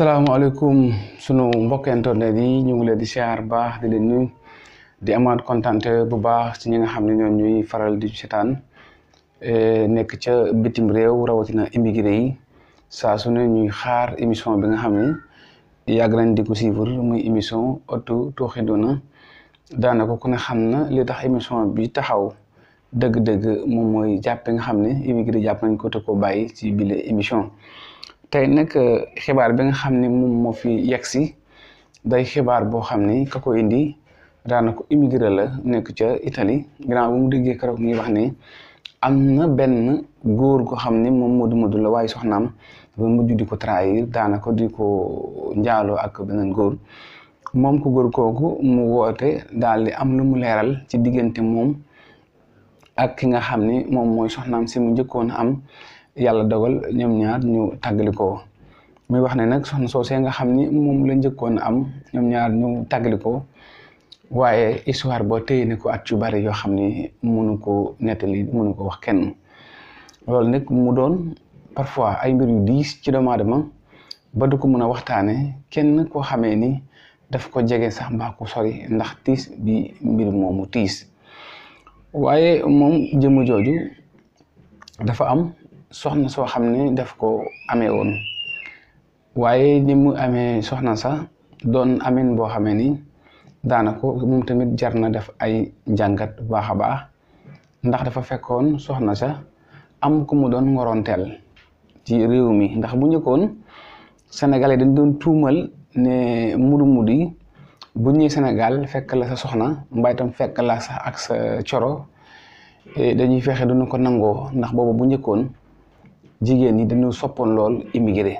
salaamaaleykum sunu mbokk internet yi ñu ngi leen di siyaar baax di leen di amaat kontante bu baax ci ñi nga xam ne ñoo ñuy faral di seetaan e, nekk ca bitim réew rawatina immigré yi saa su ñuy xaar émission bi nga xam ne yàgg nañ di ko muy émission ëttu Tooxiduna daanako ku ne xam na li tax émission bi taxaw dëgg-dëgg moom mooy jàpp nga xam ne immigré jàpp nañ ko te ko bàyyi ci bile émission. tey nag euh, xibaar ba nga xam ne moom moo fi yegg si day xibaar boo xam ni ka ko indi daanaka immigré la nekk ca Italie ginnaaw bu mu déggee keroog ñuy wax ni am na benn góor goo xam ni moom Modou Modou la waaye soxnaam ba mujj di ko trahir daanaka di ko njaaloo ak beneen góor moom góor kooku mu woote daal am lu mu leeral ci diggante moom ak ki nga xam ni moom mooy soxnaam si mu njëkkoon am. yàlla dogal ñoom ñaar ñu tàggalikoo muy wax ne nag soxna soosee nga xam ni moom la njëkkoon am ñoom ñaar ñu tàggalikoo waaye histoire boo téye ne ko at yu bari yoo xam ni munu ko nettali munu ko wax kenn loolu nag mu doon parfois ay mbir yu diis ci ba du ko mën a waxtaane kenn koo xamee ni daf ko jege sax mbaa ko sori ndax tiis bi mbir moomu tiis waaye moom jëmm jooju dafa am soxna soo xam ne def ko amee woon waaye ni mu amee soxna sax doon amin boo xamee ni daanako moom tamit jar na def ay njàngat bu baax a baax ndax dafa fekkoon soxna sax am ku mu doon ngoronteel ci réew mi ndax bu njëkkoon sénégalais dañ doon tuumal ne mudu mudi bu ñëwee senegal fekk la sa soxna mbay tam fekk la sax ak sa coro eh, dañuy fexe duñu ko nangoo ndax boobu bu njëkkoon jigéen ñi dañoo soppoon lool immigré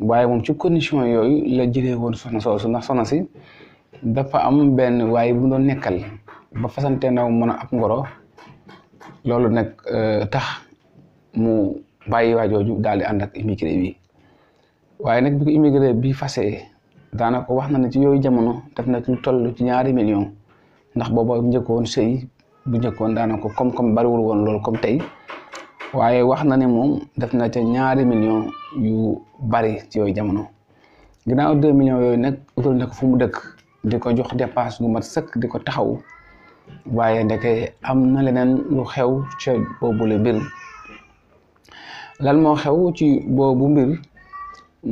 waaye moom ci condition yooyu la jëlee woon soxna soosu ndax soxna si dafa am benn waaye bu doon nekkal ba fasante naw mën a ab loolu nag euh, tax mu bàyyi waajooju daal di ànd ak immigré bi waaye nag bi ko immigré bi fase daanaka wax na ne ci yooyu jamono def na ci lu toll ci ñaari million ndax booba njëkkoon sëy bu njëkkoon daanaka comme comme bariwul woon lool comme tey waaye wax na ne moom def na ca ñaari million yu bari ci yooyu jamono ginnaaw deux million yooyu nag utal na ko fu mu dëkk di ko jox dépense gu mat sëkk di ko taxaw waaye ndeke am na leneen lu xew ca lan moo xew ci boobu mbir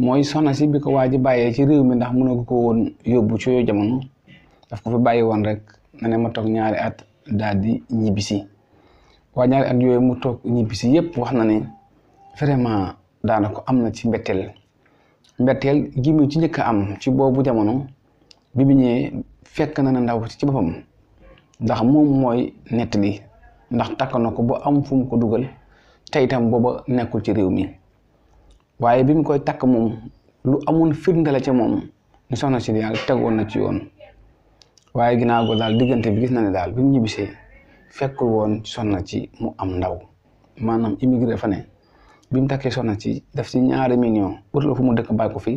mooy soxna si bi ko waa ji bàyyee ci réew mi ndax mënu ko ko woon yóbbu ci yooyu jamono daf ko fi bàyyi woon rek na ne ma toog ñaari at daal di ñibbisi waa ñaar at yooyu mu toog ñibbisi yëpp wax na ne vraiment daanaka am na ci mbetteel mbeteel gi ci njëkk a am ci boobu jamono bi mu ñëwee fekk na ne ndaw ci boppam ndax moom mooy nettali ndax takk na ko ba am fum ko dugal te itam booba nekkul ci réew mi waaye bi mu koy takk moom lu amoon firnde la ca moom ñu soxna si yàlla tegoon na ci yoon waaye ginaar goo daal diggante bi gis na ne daal bi mu ñibbisee fekkul woon soxna ci mu am ndaw maanaam immigré fa ne bi mu takkee soxna ci def ci ñaari million utloo fu mu dëkk bàyyi ko fi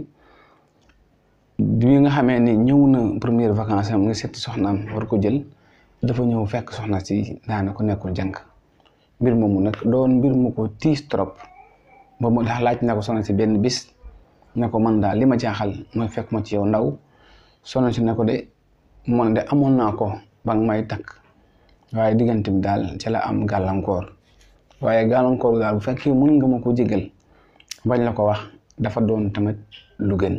bi nga xamee ni ñëw na première vacance am nga seeti soxnaam war ko jël dafa ñëw fekk soxna si daana ko nekkul jànk mbir moomu nag doon mbir mu ko tiis trop ba mu ndax laaj na ko soxna si benn bis ne ko man daal li ma jaaxal mooy fekk ma ci yow ndaw soxna si ne ko de man de amoon naa ko ba may takk waaye diggante bi daal ci la am gàllankoor waaye gàllankoor daal bu fekkee mën nga ma ko jégal bañ la ko wax dafa doon tamit lu gën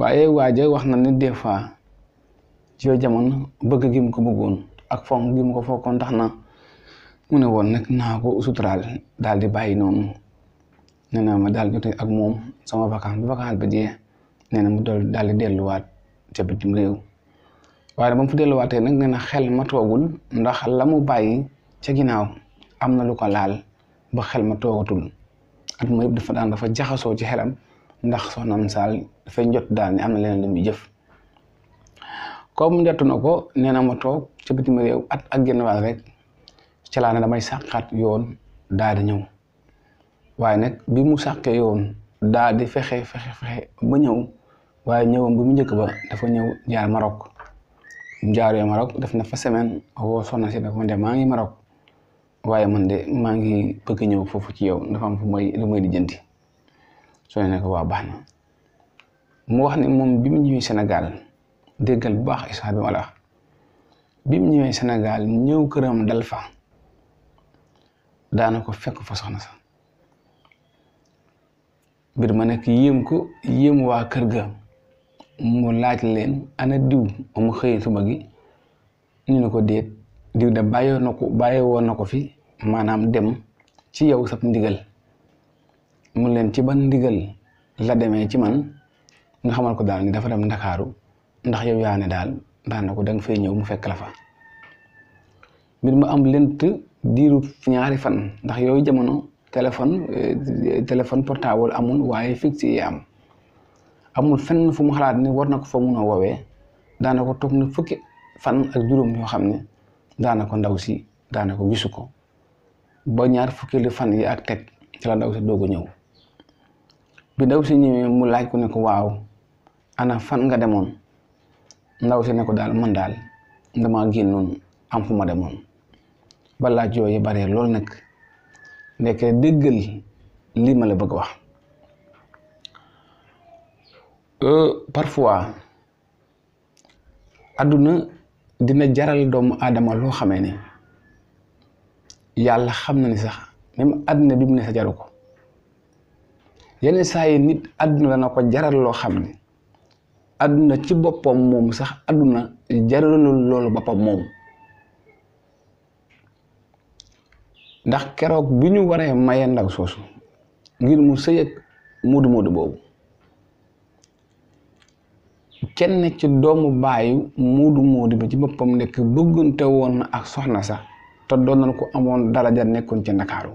waaye waaja wax na ne des fois ci jamono bëgg gi ko bëggoon ak fonk gi mu ko foogoon tax na mu ne woon nag naa ko suturaal daal di bàyyi noonu nee ma daal jote ak moom sama vacance bi vacance ba jeex nee na mu dool daal di delluwaat ca bitim réew waaye ba mu fi delluwaatee nag nee na xel ma toogul ndax la mu bàyyi ca ginnaaw am na lu ko laal ba xel ma toogatul at ma dafa daan dafa jaxasoo ci xelam ndax soxnaam Saal dafay njot daal ne am na leneen lu muy jëf. comme njottu ko nee na ma toog ca bitim réew at ak genn wàll rek ca damay sàqaat yoon daal di ñëw waaye nag bi mu sàqee yoon daal di fexe fexe fexe ba ñëw waaye ñëwam bu mu njëkk ba dafa ñëw jaar Maroc. jaaree Maroc def na fa semaine woo soxna si ne ko man de maa ngi Maroc waaye man de maa ngi bëgg ñëw foofu ci yow dafa am fu may lu may soo ne ko waa baax mu wax ne moom bi mu ñëwee Sénégal déggal bu baax Issa bi ma la bi mu ñëwee Sénégal ñëw këram dal fa daana ko fekk fa soxna sa mbir ma nekk yéem ko yéem waa kër ga. mu laaj leen ana diw mu xëyee suba gi ñu ne ko déet diw da bàyyoo na ko bàyyi woon na ko fi maanaam dem ci yow sab ndigal mu leen ci ban ndigal la demee ci man nga xamal ko daal ni dafa dem ndakaaru ndax yow yaa ne daal daan na ko danga fay ñëw mu fekk la fa mbir mu am lent diiru ñaari fan ndax yooyu jamono téléphone eh, téléphone portable amul waaye fixe yi am amul fenn fu mu xalaat ni war na ko fa mun a woowee daana ko toog na fukki fan ak juróom yoo xam ne daana ko ndaw si daana ko gisu ko ba ñaar fukkeelu fan yi ak teg ci la ndaw si doog ñëw bi ndaw si ñëwee mu laaj ko ne ko waaw ana fan nga demoon ndaw si ne ko daal man daal dama génnoon am fu ma demoon ba laaj yooyu baree loolu nag nekk déggal lii ma la bëgg wax parfois àdduna dina jaral doomu aadama loo xamee ne yàlla xam na ni sax même àdduna bi mu ne sa jaru ko yeneen saa yi nit àdduna dana ko jaral loo xam ne àdduna ci boppam moom sax àdduna jaralul loolu boppam moom ndax keroog bi ñu waree maye ndaw soosu ngir mu sëy ak moodu moodu boobu kenn ci doomu baayu muudu Moodu bi ci boppam nekk bëggante woon na ak soxna sa te doon nañ ko amoon dara daraja nekkoon ci Ndakaaru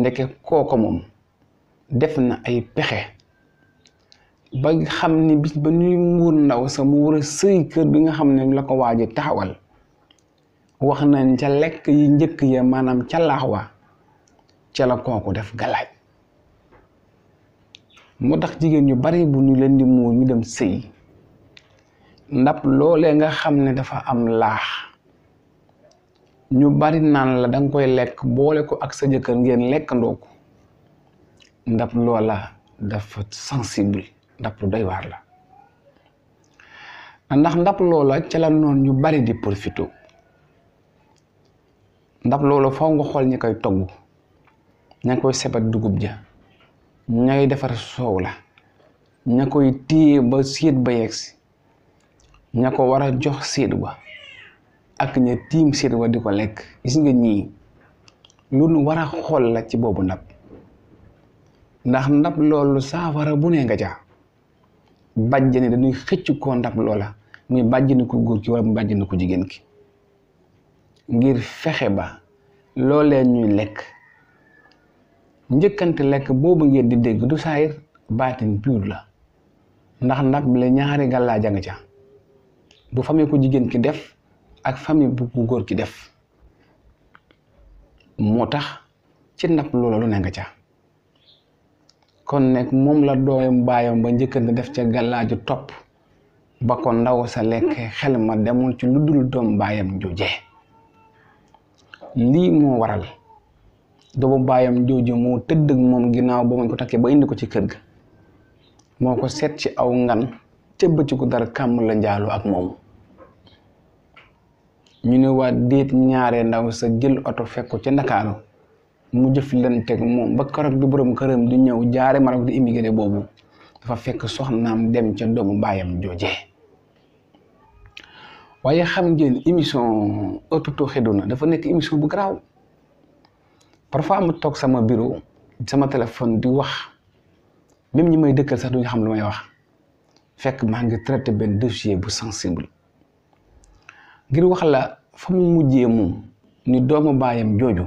ndeke kooko moom def na ay pexe ba xam ni bis ba ñuy muur ndaw sa mu war a sëy kër bi nga xam ne la ko waaji taxawal wax na ca lekk yi njëkk ya maanaam ca laax wa ca la kooku def galaaj moo tax jigéen ñu bari bu ñu leen di muur ñu dem sëy ndab loole nga xam ne dafa am laax ñu bari naan la danga koy lekk boole ko ak sa jëkkër ngeen lekkandoo ko ndab loola dafa sensible ndab lu doy waar la ndax ndab loola ca noon ñu bari di profité ndax loola faw nga xool ñi koy togg ña ngi koy sebat dugub ja ñay defar soow la ña koy téye ba séet ba yegsi ña ko war a jox séet ba ak ña tiim séet ba di ko lekk gis nga ñii lu nu war a xool la ci boobu ndab ndax ndab loolu saafara bu ne nga ca bàjjani dañuy xëcc koo ndab loola muy bàjjani ko góor ki wala mu bàjjani ko jigéen ki ngir fexe ba loolee ñuy lekk njëkkante lekk boobu ngeen di dégg du saayir baatin pur la ndax ndab la ñaari gàllaa jàng ca bu famille ku jigéen ki def ak famille bu góor ki def moo tax ci ndab loola lu ne nga ca kon nekk moom la dooyam baayam ba njëkkante def ca gàllaaju topp ba ko ndaw sa lekk xel ma demul ci lu dul doom baayam jojee lii moo waral doomu baayam jooju moo tëdd moom ginnaaw ba mu ko takkee ba indi ko ci kër ga moo ko seet ci aw ngan ca bëccëgu dara kàmm la njaalu ak moom ñu ne waa déet ñaare ndaw sa jël oto fekk ci ca mu jëf leen teg moom ba keroog bi borom këram du ñëw jaare Maroc di immigré boobu dafa fekk soxnaam dem ca doomu baayam joojee waaye xam ngeen émission Eutou Tou na dafa nekk émission bu garaaw parfois mu toog sama bureau sama téléphone di wax même ñi may dëkkal sax duñu xam lu may wax fekk maa ngi traité benn dossier bu sensible ngir wax la fa mu mujjee moom ni doomu baayam jooju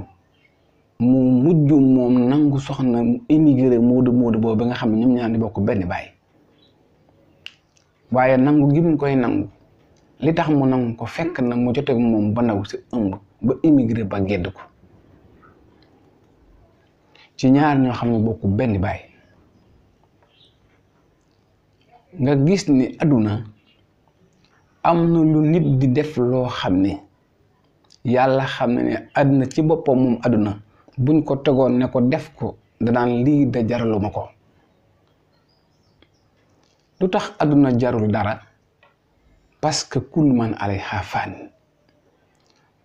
mu mujj moom nangu soxna mu immigré moodu moodu boobu nga xam ne ñoom ñaar ni bokk benn baay waaye nangu gi mu koy nangu li tax mu nangu ko fekk na mu joteeg moom ba ndaw si ëmb ba immigré ba gedd ko ci ñaar ñoo xam ne bokku benn baay nga gis ni àdduna am na lu nit di def loo xam ne yàlla xam ne ne àdduna ci boppam moom àdduna buñ ko tegoon ne ko def ko danaan lii da jaraluma ko lu tax àdduna jarul dara parce que kul man alayha fan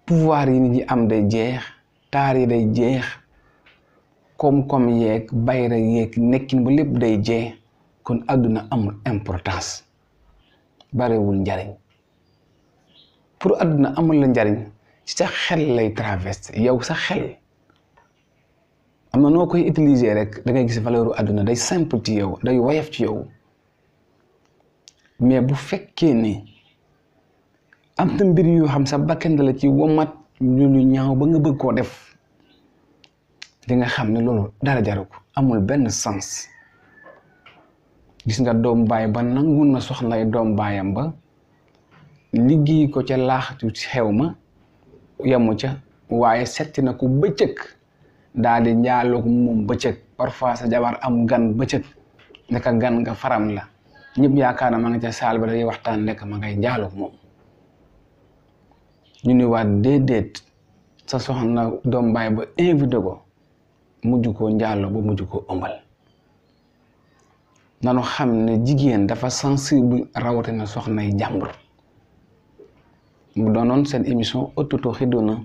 pouvoir yi nit ñi am day jeex taar yi day jeex koom-koom yeeg bayra yeeg nekkin bu lépp day jee kon àdduna amul importance barewul njariñ pour àdduna amul la njariñ ci sa xel lay traverse yow sa xel am na noo koy utiliser rek dangay ngay gis valeur àdduna day simple ci yow day woyof ci yow mais bu fekkee ni am na mbir yu xam sa bakkan la ci womat ñu lu ñaaw ba nga bëgg koo def li xam ne loolu dara jaru ko amul benn sens gis nga doom baay ba nangu na soxnay doom baayam ba liggéey ko ca laaxatu xew ma yamu ca waaye setti na ko bëccëg daal di njaaloog moom bëccëg parfois sa jabar am gan bëccëg naka gan nga faram la ñëpp yaakaar na ma nga ca saal ba day waxtaan nekk ma ngay njaaloog moom ñu ni waat déedéet sa soxna doom baay ba invité ko mujj koo njaaloo ba mujj koo ëmbal nanu xam ne jigéen dafa sensible rawatina soxnay jàmbur mu doonoon seen émission Ëttu Tooxi doona